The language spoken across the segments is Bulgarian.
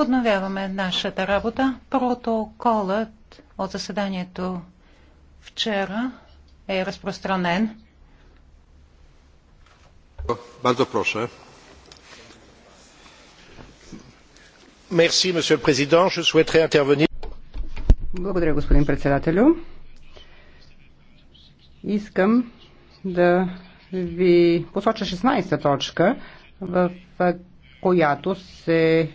Подновяваме нашата работа. Протоколът от заседанието вчера е разпространен. Бързо proszę. Je souhaiterais intervenir. Благодаря, господин председателю. Искам да ви посоча 16 точка, в която се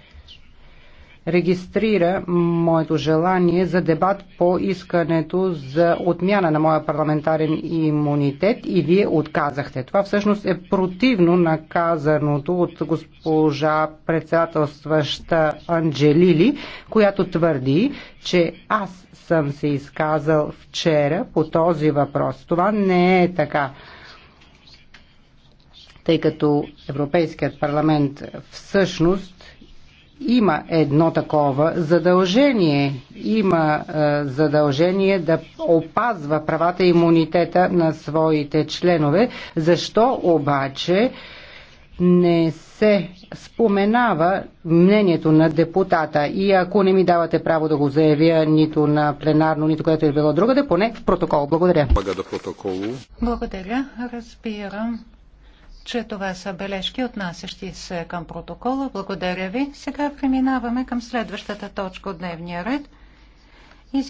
регистрира моето желание за дебат по искането за отмяна на моя парламентарен имунитет и вие отказахте. Това всъщност е противно наказаното от госпожа председателстваща Анджелили, която твърди, че аз съм се изказал вчера по този въпрос. Това не е така тъй като Европейският парламент всъщност има едно такова задължение. Има е, задължение да опазва правата и имунитета на своите членове. Защо обаче не се споменава мнението на депутата и ако не ми давате право да го заявя нито на пленарно, нито което е било другаде, поне в протокол. Благодаря. Благодаря. Разбирам, че това са бележки, отнасящи се към протокола. Благодаря ви. Сега преминаваме към следващата точка от дневния ред –